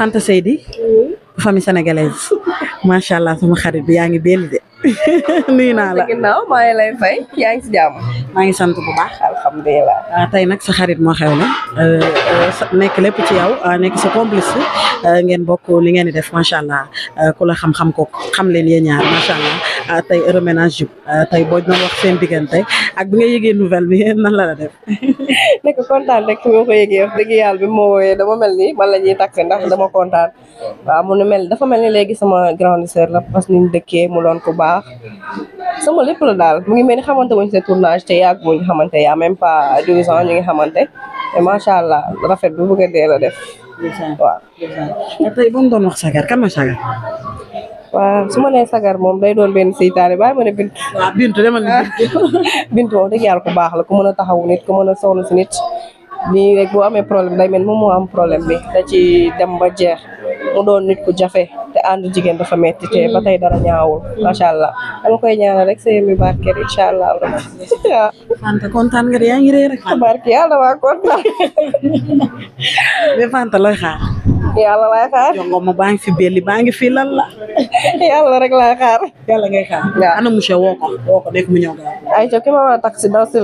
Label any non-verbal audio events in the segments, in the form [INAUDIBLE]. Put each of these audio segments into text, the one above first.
Fanta Seydi famille sénégalaise [LAUGHS] macha allah sama xarit bi yaa ngi belli de [LAUGHS] nuyu naa la ginnaaw maa ngi maa ngi sant bu baax ah, tey nag sa xarit moo xew euh, nekk lépp ci yow euh, nekk sa complice euh, ngeen bokk li ngeen di def macha allah euh, ku la xam-xam ko xam leen yéen ñaar macha allah tey heureux ménage jub tey boo doon wax seen diggante ak bi nga yëgee nouvelle bi [LAUGHS] nan la la def. [LAUGHS] nekk kontaan rek fi ko yëgee wax dëgg yàlla bi ma wooyee dama mel ni man la ñuy takk ndax dama kontaan waaw mu nu mel dafa mel ni léegi sama grande sœur la parce que ni mu loon ku baax. sama lépp la daal mu ngi mel ni xamante wuñ sa tournage te yàgg mu ngi xamante yaa même pas deux ans xamante te macha allah rafet bu bëgg a dee def. wa tey doon wax sagar kan su ma nee sagar moom day doon benn seytaane bàyyi ma ne bintu. waaw ah, bintu dama ne bintu. [LAUGHS] bintu moom dëgg ku baax la ku mën a taxawu nit ku mën a sonn si nit. nii rek boo amee problème day mel moom moo am problème bi ci dem ba jeex. mu doon nit ku jafe te ànd jigéen dafa metti te ba tey dara ñaawul macha allah dama koy ñaanal rek sëy mi barkeel incha allah waaw. Fanta kontaan nga de yaa ngi ree rek. barke yàlla waa kontaan. mais [LAUGHS] Fanta looy xaar. yàlla laay xaar. jongoma baa ngi fi belli baa ngi fi lan la. rek laay xaar. yàlla ngay xaar. waaw ki a taxi daw si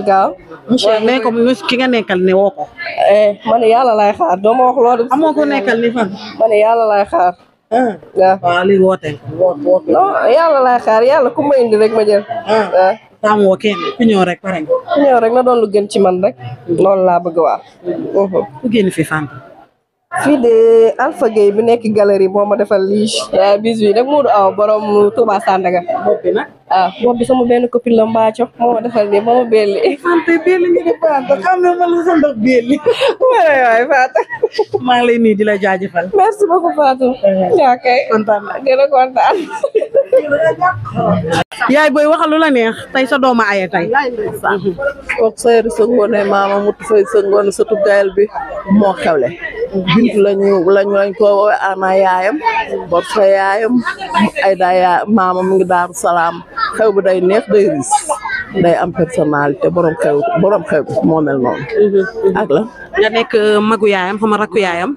ki nga nekkal ne woo ko. Eh, ma ne yàlla laay xaar doo ma wax loolu. amoo ko nekkal ni fan. ma ne yàlla laay xaar. Ah. waaw li woote. woote yàlla laay xaar yàlla ku ma rek ma jël. Ah. waaw. saam woo ku ñëw rek pare. rek na doon lu gën ci man rek. loolu laa bëgg a wax. ku génn fi fan. fii de Alpha Gueye bi nekk galerie moo ma defal lii bis bi nag Modou Awa borom Touba Sandaga. bopp bi nag ah bopp bi sama benn copine la Mbaaco moo ma defal nii moo ma belli. sant [LAUGHS] belli nga def Fanta xam [LAUGHS] maa ngi lay nuyu di la jaajëfal. merci beaucoup Fatou. yaa eh, eh. kay kontaan kontaan. [LAUGHS] yaay booy waxal lu la neex tey sa dooma aye tey foog sayri sa ngoone maama mutu fay sa ngoone sa tuggaayal bi moo xewle bintu lañu lañu ko woowe yaayam bor fa yaayam ay daa yaa mu ngi daaru salaam xew bi day neex day riis day am personnalité borom xew borom bi moo mel noonu mm-hmm. ak la nga nekk uh, magu yaayam xama rakku yaayam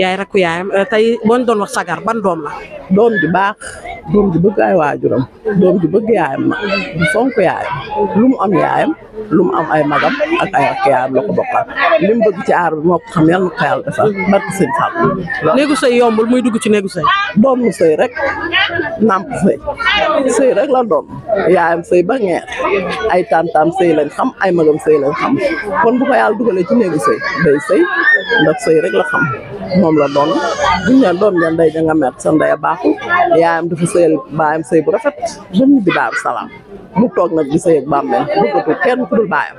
yaay rakku yaayam uh, tey boo doon wax sagar ban doom la doom ju baax doom ju bëgg ay waajuram doom ju bëgg yaayam ma du fonk yaayam lu mu am yaayam lu mu am ay magam ak ay ak yaayam la ko bokkal li mu bëgg ci aar bi moo ko xam yàlla na ko yàlla defal barke sëñ Fall néegu sëy yombul muy dugg ci néegu sëy doom mu sëy rek nàmp sëy sëy rek la doom yaayam sëy ba ngeer ay tantam sëy lañ xam ay magam sëy lañ xam kon bu ko yàlla dugalee ci néegu sëy day sëy ndax sëy rek la xam moom la doon buñ ne doon ngeen day nga met sa ndey a baaxu yaayam dafa sëyal baayam sëy bu rafet dem ñibbi Daaru Salaam mu toog nag di sëy ak bàmmeel bëggatu kenn ku dul baayam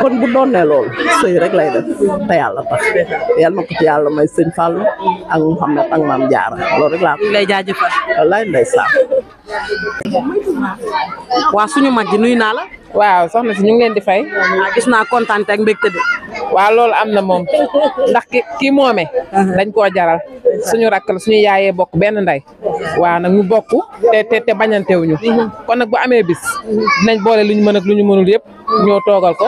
kon bu doonee loolu sëy rek lay def te yàlla tax yal na ko ci yàlla may sëñ Fallou ak ne ak maam Diarra loolu rek laa ko lay jaajëfal wallaay ndeysaan waa suñu mag ji nuyu naa la waaw soxna si ñu ngi leen di fay. gis naa kontaan ak mbégte bi. waaw loolu am na moom ndax ki kii moome. Uh-huh. dañ ko jaral suñu rakk la suñu yaayee bokk benn ndey. waaw nag ñu bokk te te te bañantewuñu uh-huh. kon nag bu amee bis. dinañ boole lu ñu mën ak lu ñu mënul yëpp ñoo toogal ko.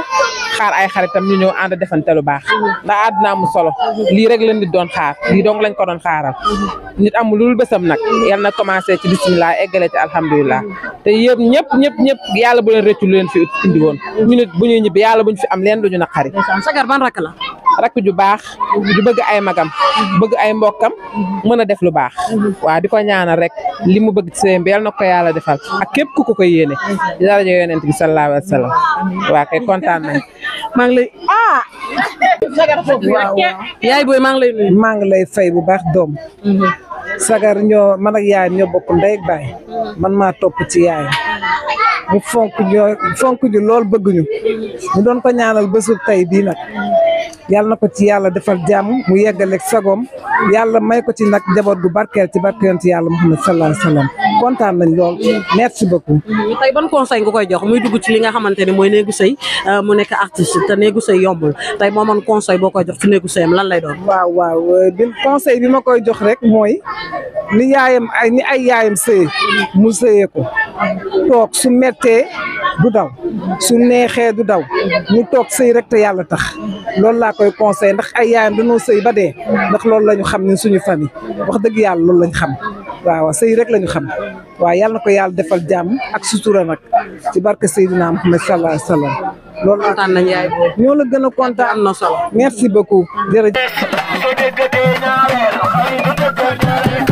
xaar ay xaritam ñu ñëw ànd defante lu baax ndax àdduna mu solo lii rek lañ di doon xaar lii dong lañ ko doon xaaral nit amul lu dul bésam nag yal na commencé ci bisimilah eggale ci alhamdulilah te yëpp ñëpp ñëpp ñëpp yàlla bu leen rëccu leen fi indi woon ñu nit bu ñuy ñibbi yàlla buñ fi am leen lu ñu naqari sagar rakk ju baax ju bëgg ay magam bëgg ay mbokkam mën a def lu baax waaw di ko ñaanal rek li mu bëgg ci sëyam bi yal na ko yàlla defal ak képp ku ko koy yéene di daraja yonent bi sallallahu alayhi wa sallam waa kay kontaan nañ maa ngi lay ah fay bu baax doom sagar ñoo man ak yaay ñoo bokk ndey baay man maa topp ci yaay mu fonk ñoo fonk ñu lool bëgg ñu ñu doon ko ñaanal bésu tey bii yàlla na ko ci yàlla defal jàmm mu yeggaleeg sagoom yàlla may ko ci nag njaboot gu barkeel ci barkeelante yàlla Muhammad sallallahu alayhi wa sallam kontaan nañ lool merci beaucoup. Mm, tey ban conseil nga koy jox muy dugg ci li nga xamante ne mooy néegu sëy euh, mu nekk artiste te néegu sëy yombul tey moo man conseil boo koy jox ci néegu sëyam lan lay doon. waaw waaw euh, bi conseil bi ma koy jox rek mooy ni yaayam ay ni ay yaayam sëye mu sëyee ko toog su mettee du daw su neexee du daw ñu toog sëy rek te yàlla tax loolu laa koy conseillé ndax ay yaayam danoo sëy ba dee ndax loolu la ñu xam ñun suñu famille wax dëgg yàlla lool lañ xam waaw sëy rek la ñu xam waaw yàlla na ko yàlla defal jàmm ak sutura nag ci barke Seydina Muhammad sallallahu alayhi wa sallam loolu kontaan nañ ñoo la gën a kontaan am na solo merci beaucoup jërëjëf